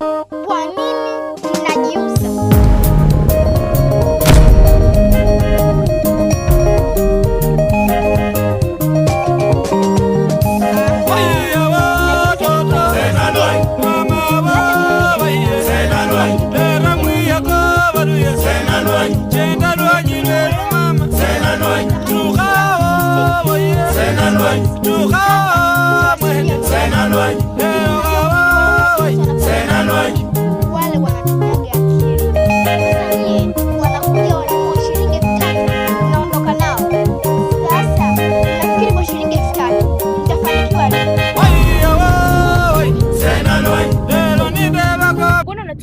you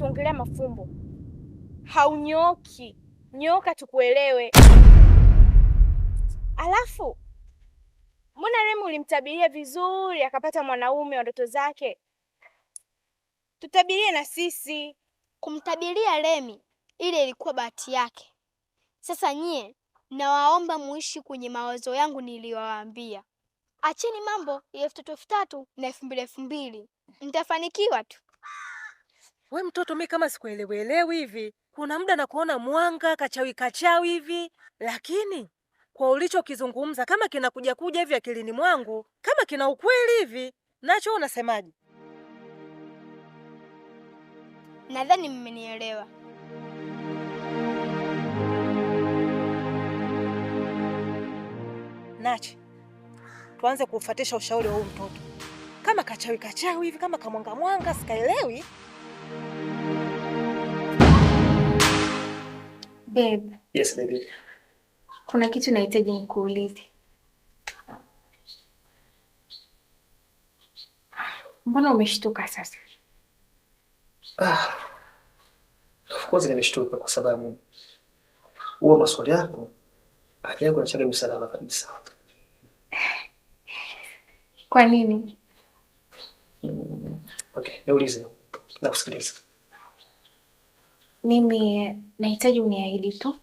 kutuongelea mafumbo, haunyooki. Nyooka tukuelewe. Alafu mbona Remu ulimtabiria vizuri akapata mwanaume wa ndoto zake? Tutabirie na sisi. Kumtabiria Remi ile ilikuwa bahati yake. Sasa nyie, nawaomba muishi kwenye mawazo yangu niliyowaambia. Acheni mambo ya elfu tatu elfu tatu na elfu mbili elfu mbili, mtafanikiwa tu. We mtoto, mi kama sikuelewelewi hivi. Kuna muda na kuona mwanga kachawi kachawi hivi, lakini kwa ulichokizungumza kama kinakuja kuja hivi akilini mwangu, kama kina ukweli hivi, nacho unasemaje? Nadhani mmenielewa. Nachi, tuanze kufuatisha ushauri wa huyu mtoto. Kama kachawi kachawi hivi, kama kamwanga mwanga, sikaelewi. Babe. Yes, baby. Kuna kitu nahitaji nikuulize. Mbona umeshtuka sasa? Ah. Of course nimeshtuka kwa sababu huo maswali yako akiako nachaga msalama kabisa. Kwa nini? Mm, okay, naulize. Nakusikiliza. Mimi nahitaji uniahidi tu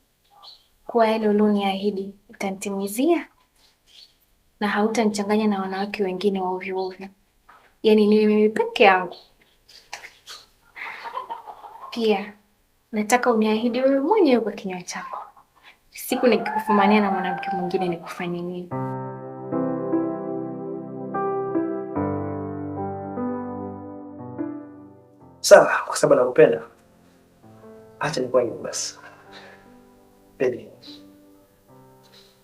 kuwa yale ulioniahidi utanitimizia na hautanichanganya na wanawake wengine wa ovyo ovyo, yaani ni mimi peke yangu. Pia nataka uniahidi wewe mwenyewe kwa kinywa chako, siku nikikufumania na mwanamke mwingine nikufanye nini? Sawa, kwa sababu nakupenda acha nikuwa hivyo basi. Baby,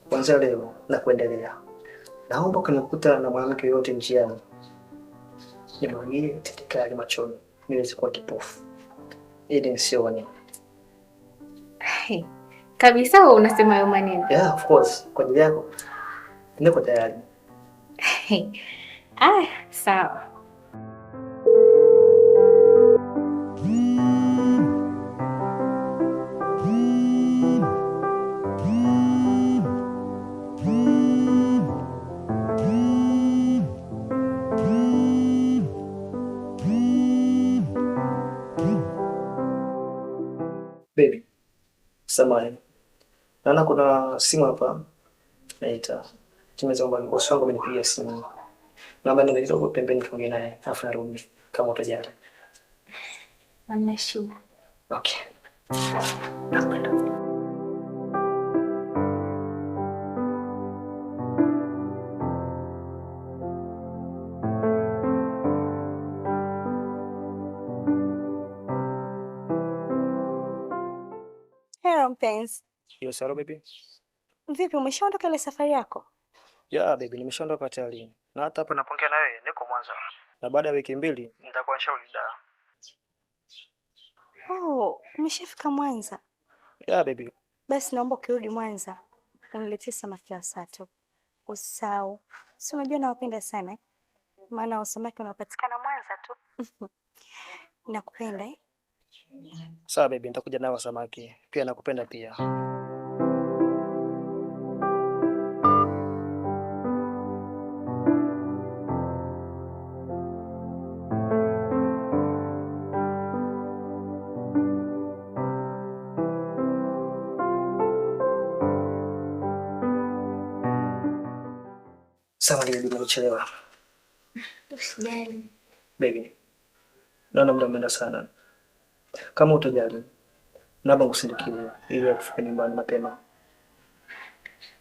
kuanzia leo na kuendelea, naomba ukinikuta na mwanamke yoyote njiani, nimwangalie titi machoni niweze kuwa kipofu ili nisione. Hey, kabisa wewe unasema hayo maneno? Yeah, of course, kwa ajili yako niko tayari. Hey. Ah, sawa. samani. Naona kuna simu hapa naita. Tumeza kwamba bosi wangu amenipigia simu. Naomba niende kidogo pembeni tuongee naye afu narudi kama utajali. Ameshu. Okay. Nakupenda. Prince. Yo, salo baby. Vipi umeshaondoka ile safari yako? Ya baby, nimeshaondoka tayari. Na hata hapa napongea na wewe niko Mwanza. Na baada ya wiki mbili nitakuwa nishauri da. Oh, umeshafika Mwanza? Ya baby. Basi naomba ukirudi Mwanza uniletee samaki wa sato. Usao. Si unajua nawapenda sana. Maana samaki unapatikana Mwanza tu. Nakupenda eh? Sawa bebi nitakuja nao samaki. Pia nakupenda pia. Sawa baby, nimechelewa. Usijali. naona muda umeenda sana. Kama utajali, naomba nikusindikize ili kufika nyumbani mapema.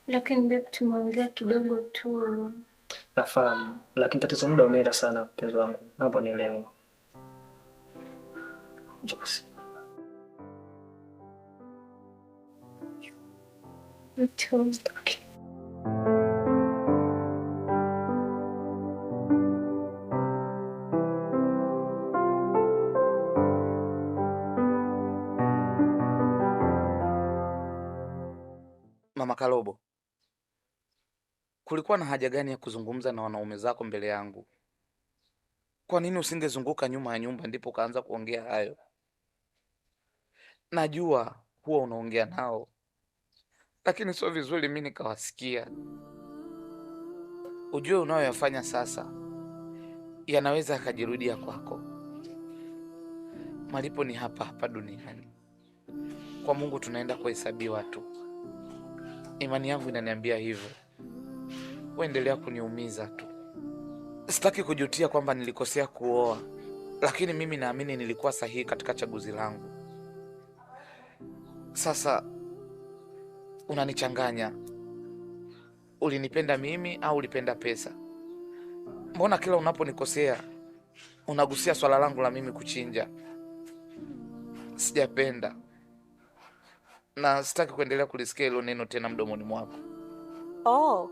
Lakini babe, tumeongea kidogo tu. Nafahamu, lakini tatizo muda umeenda sana, mpenzi wangu, naomba nielewe. Okay. Mama Kalobo, kulikuwa na haja gani ya kuzungumza na wanaume zako mbele yangu? Kwa nini usingezunguka nyuma ya nyumba ndipo ukaanza kuongea hayo? Najua huwa unaongea nao, lakini sio vizuri mimi nikawasikia. Ujue unayoyafanya sasa yanaweza yakajirudia kwako. Malipo ni hapa hapa duniani, kwa Mungu tunaenda kuhesabiwa tu. Imani yangu inaniambia hivyo. Uendelea kuniumiza tu. Sitaki kujutia kwamba nilikosea kuoa, lakini mimi naamini nilikuwa sahihi katika chaguzi langu. Sasa unanichanganya. Ulinipenda mimi au ulipenda pesa? Mbona kila unaponikosea unagusia swala langu la mimi kuchinja? Sijapenda na sitaki kuendelea kulisikia hilo neno tena mdomoni mwako. Oh,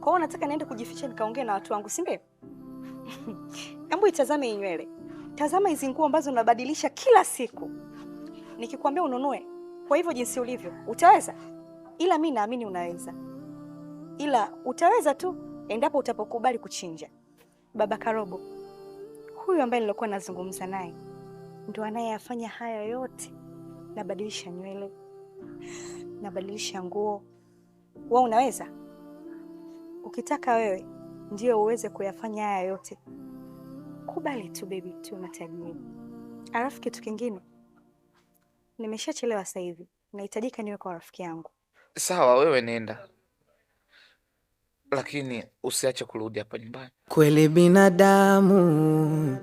kwa hiyo nataka niende kujificha nikaongee na watu wangu, si ndio? Hebu itazame hii nywele, tazama hizi nguo ambazo unabadilisha kila siku. Nikikwambia ununue kwa hivyo jinsi ulivyo, utaweza? Ila mi naamini unaweza, ila utaweza tu endapo utapokubali kuchinja. Baba Karobo huyu ambaye nilikuwa nazungumza naye ndo anayeyafanya haya yote, nabadilisha nywele nabadilisha nguo. Wewe unaweza ukitaka, wewe ndio uweze kuyafanya haya yote. Kubali tu baby tu matajiri. Alafu kitu kingine, nimeshachelewa sasa hivi, nahitajika niwe kwa rafiki yangu. Sawa, wewe nenda, lakini usiache kurudi hapa nyumbani. Kweli binadamu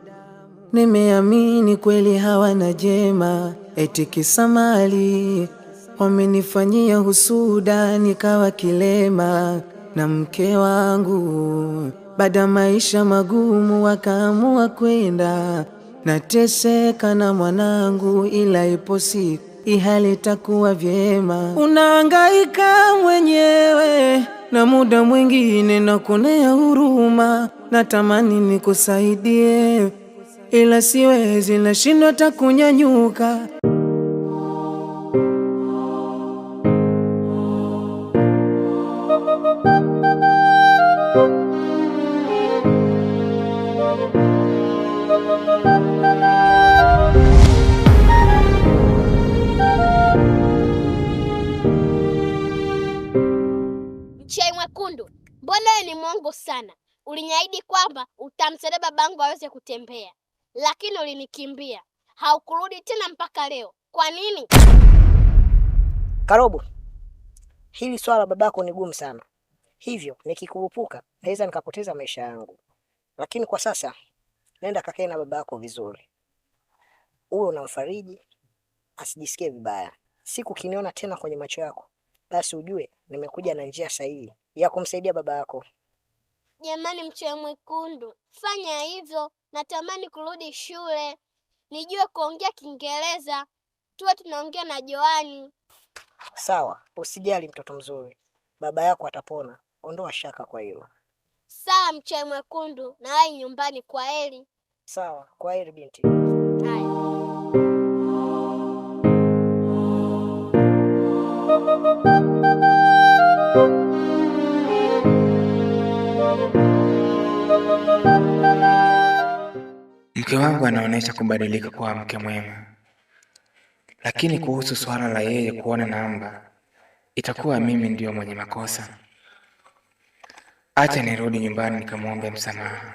nimeamini kweli hawana jema, eti kisamali wamenifanyia husuda, nikawa kilema na mke wangu. Baada maisha magumu, wakaamua kwenda nateseka na mwanangu, ila ipo siku ihali takuwa vyema. Unaangaika mwenyewe na muda mwingine na kunea huruma, natamani nikusaidie, ila siwezi, nashindwa takunyanyuka mchai mwekundu, mbona wewe ni mwongo sana? Uliniahidi kwamba utamsaidia babangu aweze kutembea, lakini ulinikimbia. Haukurudi tena mpaka leo, kwa nini? Karobo, hili swala babako ni gumu sana, hivyo nikikurupuka naweza nikapoteza maisha yangu, lakini kwa sasa nenda kakae na baba yako vizuri, uwe unamfariji asijisikie vibaya. Siku kiniona tena kwenye macho yako, basi ujue nimekuja na njia sahihi ya kumsaidia baba yako. Jamani, mchoyo mwekundu, fanya hivyo. Natamani kurudi shule nijue kuongea Kiingereza, tuwe tunaongea na Joani. Sawa, usijali mtoto mzuri, baba yako atapona, ondoa shaka kwa hilo. Sawa, mchai mwekundu, na wai nyumbani. Kwa heri. Sawa, kwa heri binti. Mke wangu anaonyesha kubadilika kuwa mke mwema, lakini kuhusu suala la yeye kuona namba, itakuwa mimi ndiyo mwenye makosa acha nirudi nyumbani nikamwombe msamaha,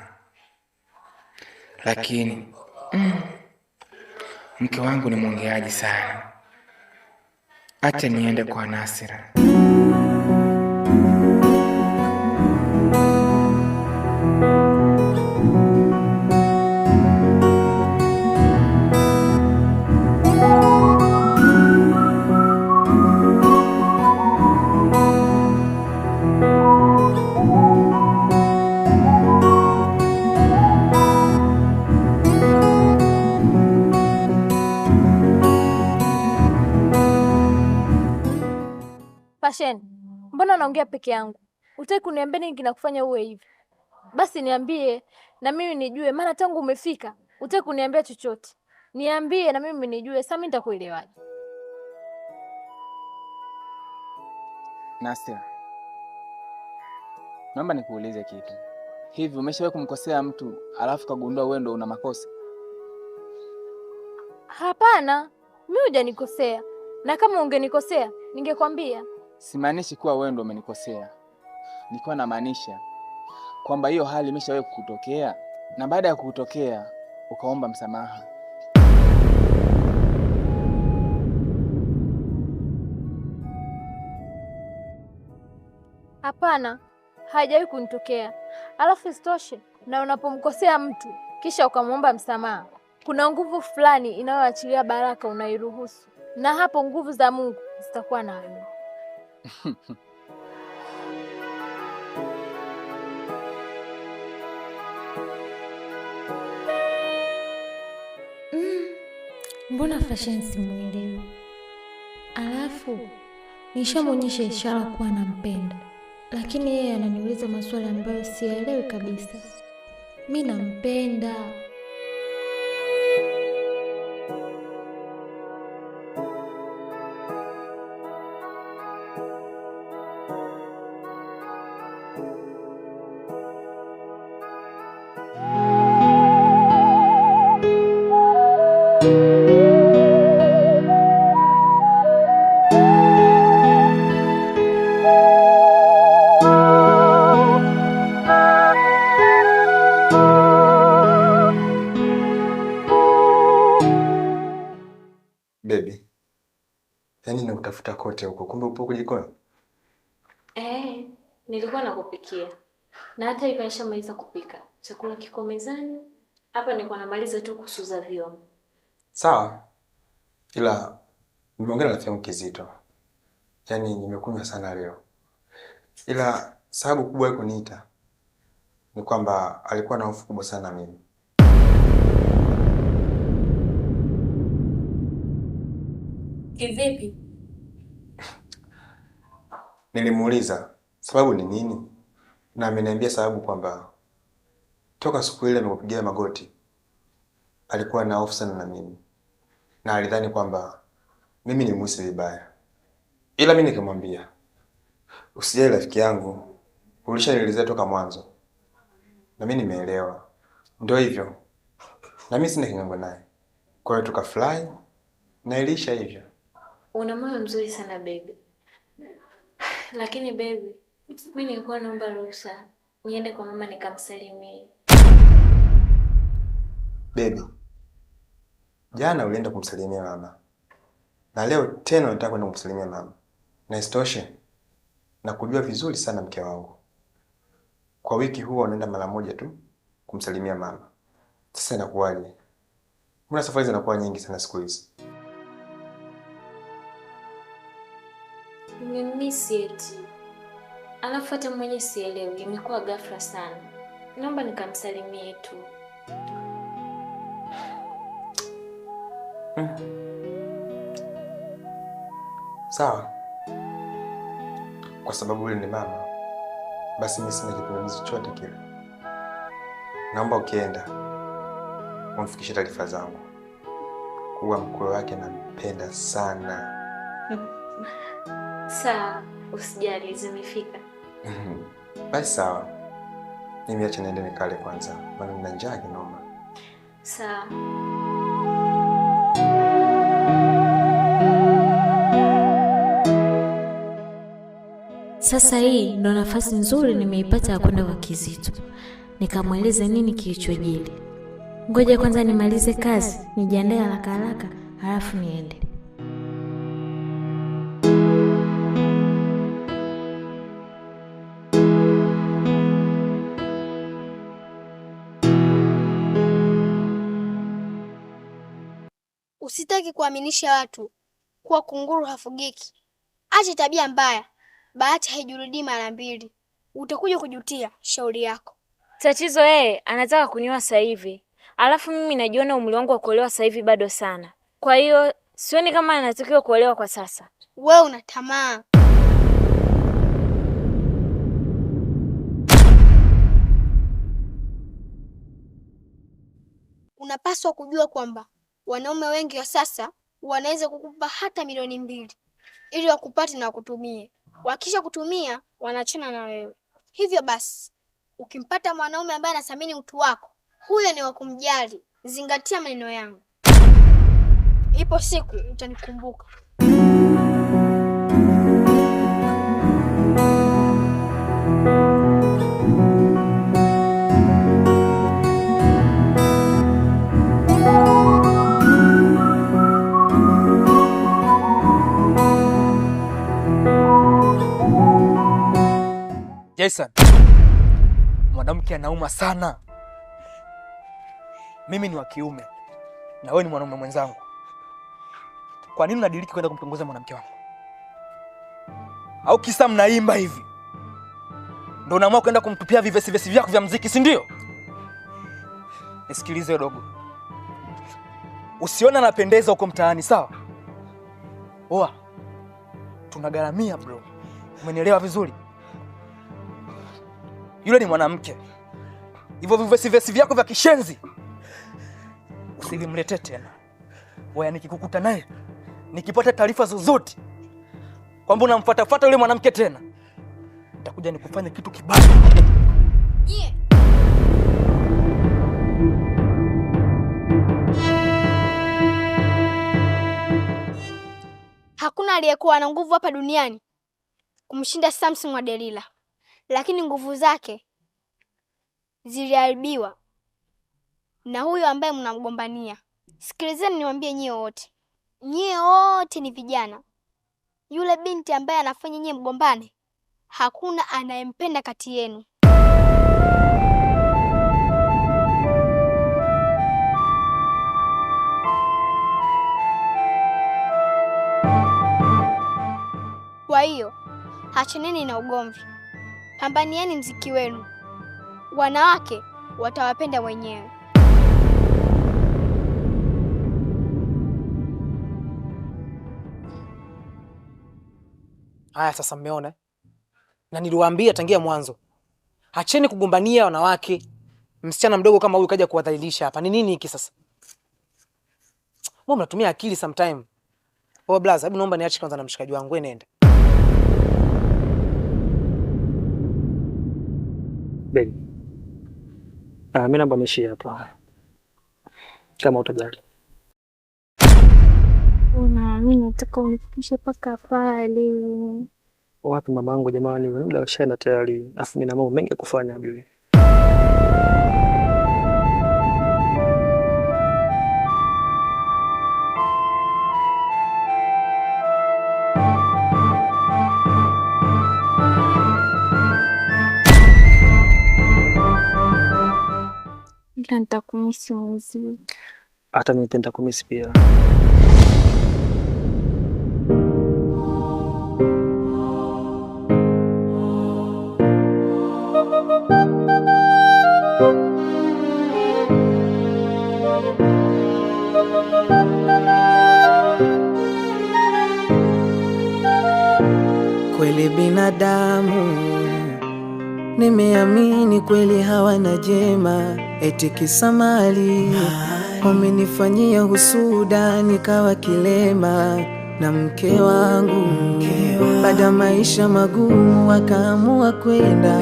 lakini mm, mke wangu ni mwongeaji sana, acha niende kwa Nasira. Mbona naongea peke yangu? Utaki kuniambia nini kinakufanya uwe hivi? Basi niambie na mimi nijue, maana tangu umefika utaki kuniambia chochote. Niambie na mimi nijue, sasa mimi nitakuelewaje? Nastia, naomba nikuulize kitu. Hivi umeshawahi kumkosea mtu alafu kagundua wewe ndo una makosa? Hapana, mimi hujanikosea, na kama ungenikosea ningekwambia. Simaanishi kuwa wewe ndo umenikosea, nilikuwa namaanisha kwamba hiyo hali imeshawahi kukutokea na baada ya kukutokea ukaomba msamaha. Hapana, haijawahi kunitokea. Alafu isitoshe, na unapomkosea mtu kisha ukamwomba msamaha, kuna nguvu fulani inayoachilia baraka unairuhusu, na hapo nguvu za Mungu zitakuwa na wewe. Mm, mbona Fashion simwelewi? Alafu nishamwonyesha ishara kuwa nampenda, lakini yeye ananiuliza maswali ambayo siyaelewi kabisa. Mi nampenda baby. Yaani nakutafuta kote huko, kumbe upo kujikoni. Eh, nilikuwa nakupikia na hata hivyo nishamaliza kupika chakula, kiko mezani hapa. Nilikuwa namaliza tu kusuza vyombo. Sawa, ila nimeongea na sehemu kizito, yaani nimekunywa sana leo, ila sababu kubwa ya kuniita ni kwamba alikuwa na hofu kubwa sana mimi Kivipi? Nilimuuliza sababu ni nini, na ameniambia sababu kwamba toka siku ile amekupigia magoti alikuwa na hofu sana na mimi, na alidhani kwamba mimi ni mwisi vibaya, ila mimi nikamwambia usijali, rafiki yangu, ulishanielezea toka mwanzo na mimi nimeelewa, ndio hivyo, na mimi sina kingango naye. Kwa hiyo tukafurahi na iliisha hivyo. Una moyo mzuri sana baby, lakini baby, mimi nilikuwa naomba ruhusa niende kwa mama nikamsalimie. Baby, jana ulienda kumsalimia mama na leo tena unataka kwenda kumsalimia mama, na isitoshe na kujua vizuri sana mke wangu, kwa wiki huwa unaenda mara moja tu kumsalimia mama. Sasa inakuwaje? Mbona safari zinakuwa nyingi sana siku hizi? mimi sieti, alafu hata mwenye sielewi, imekuwa ghafla sana. Naomba nikamsalimie tu. Hmm. Sawa, kwa sababu yule ni mama, basi mimi sina kipingamizi chochote kile. Naomba ukienda umfikishe taarifa zangu kuwa mkwe wake nampenda sana. Sawa, usijali, zimefika. Mhm. Basi sawa, mimi acha niende nikale kwanza, maana nina njaa kinoma. Sawa. Sasa hii ndo nafasi nzuri nimeipata ya kwenda kwa Kizito nikamweleze nini kilichojili. Ngoja kwanza nimalize kazi, nijiandae haraka haraka, halafu niende. Usitaki kuaminisha watu kuwa kunguru hafugiki. Acha tabia mbaya, bahati haijirudii mara mbili. Utakuja kujutia shauri yako. Tatizo yeye anataka kunioa sasa hivi, alafu mimi najiona umri wangu wa kuolewa sasa hivi bado sana, kwa hiyo sioni kama anatakiwa kuolewa kwa sasa. Wewe una tamaa. Unapaswa kujua kwamba wanaume wengi wa sasa wanaweza kukupa hata milioni mbili ili wakupate na wakutumie. Wakisha kutumia wanachana na wewe. Hivyo basi, ukimpata mwanaume ambaye anathamini utu wako, huyo ni wakumjali. Zingatia maneno yangu, ipo siku utanikumbuka. Jason, mwanamke anauma sana. Mimi ni wa kiume na wewe ni mwanaume mwenzangu. Kwa nini unadiriki kwenda kumtongoza mwanamke wangu? Au kisa mnaimba hivi ndio unaamua kwenda kumtupia vivesi vesi vyako vya mziki, si ndio? Nisikilize dogo, usiona anapendeza huko mtaani, sawa? Oa tunagharamia bro, umenielewa vizuri? yule ni mwanamke. Hivyo vivesivesi vyako vya kishenzi usilimletee tena. Waya, nikikukuta naye nikipata taarifa zozote kwamba unamfatafata yule mwanamke tena, nitakuja nikufanya kitu kibaya. Yeah. Hakuna aliyekuwa na nguvu hapa duniani kumshinda Samson wa Delila lakini nguvu zake ziliharibiwa na huyo ambaye mnamgombania. Sikilizeni niwaambie nyie wote, nyie wote ni vijana, yule binti ambaye anafanya nyie mgombane, hakuna anayempenda kati yenu. Kwa hiyo hachaneni na ugomvi. Pambanieni mziki wenu, wanawake watawapenda wenyewe. Haya, sasa mmeona, na niliwaambia tangia mwanzo, acheni kugombania wanawake. Msichana mdogo kama huyu kaja kuwadhalilisha hapa, ni nini hiki sasa? Mbona mnatumia akili sometime? Oh blaza, hebu naomba niache kwanza na mshikaji wangu, nenda Ben. Ah, mimi naomba niishie hapa. Kama utajali. Una mimi nataka unifikishe paka pale. Wapi mamangu jamani, muda ushaenda tayari. Afu mimi na mambo mengi kufanya bibi. ila nitakumisi mwenzii. Hata mimi pia nitakumisi pia. Kweli binadamu nimeamini kweli hawana jema eti kisamali, umenifanyia husuda nikawa kilema na mke wangu. Baada maisha magumu, akaamua kwenda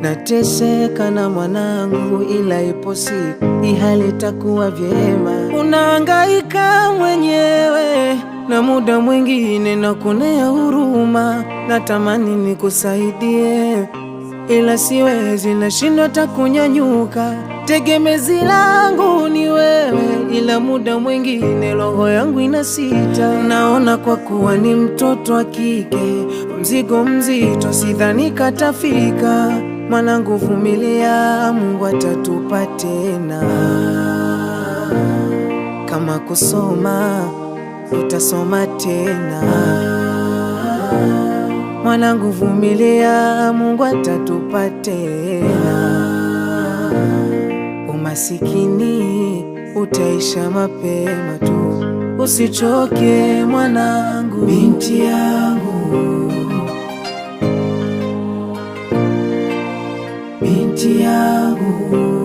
nateseka na mwanangu, ila ipo siku ihali takuwa vyema. Unaangaika mwenyewe na muda mwingine na kunea huruma, natamani nikusaidie, ila siwezi, nashindwa takunyanyuka Tegemezi langu ni wewe, ila muda mwingine roho yangu inasita. Naona kwa kuwa ni mtoto wa kike, mzigo mzito, sidhani katafika. Mwanangu vumilia, Mungu atatupa tena. Kama kusoma utasoma tena. Mwanangu vumilia, Mungu atatupa tena masikini utaisha mapema tu. Usichoke mwanangu, binti yangu, binti yangu.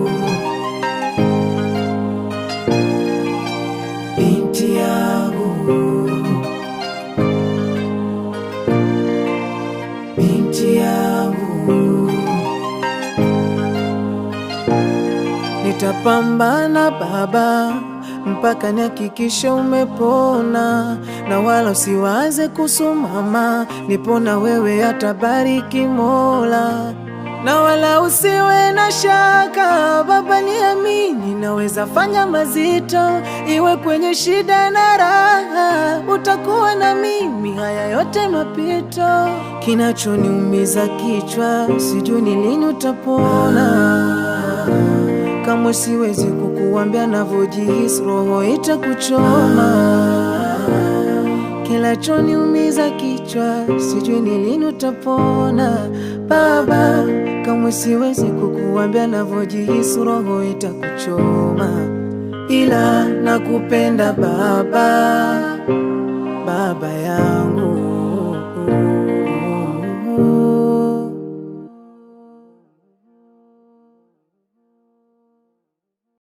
Nitapambana baba, mpaka nihakikishe umepona, na wala usiwaze kusumama nipona wewe atabariki Mola, na wala usiwe na shaka baba, niamini, naweza fanya mazito, iwe kwenye shida na raha, utakuwa na mimi, haya yote mapito. Kinachoniumiza kichwa, sijui ni lini utapona kamwe siwezi kukuambia navyojihisi, roho itakuchoma kinachoniumiza kichwa, sijui ni lini utapona baba. Kamwe siwezi kukuambia navyojihisi, roho itakuchoma, ila nakupenda baba, baba yangu.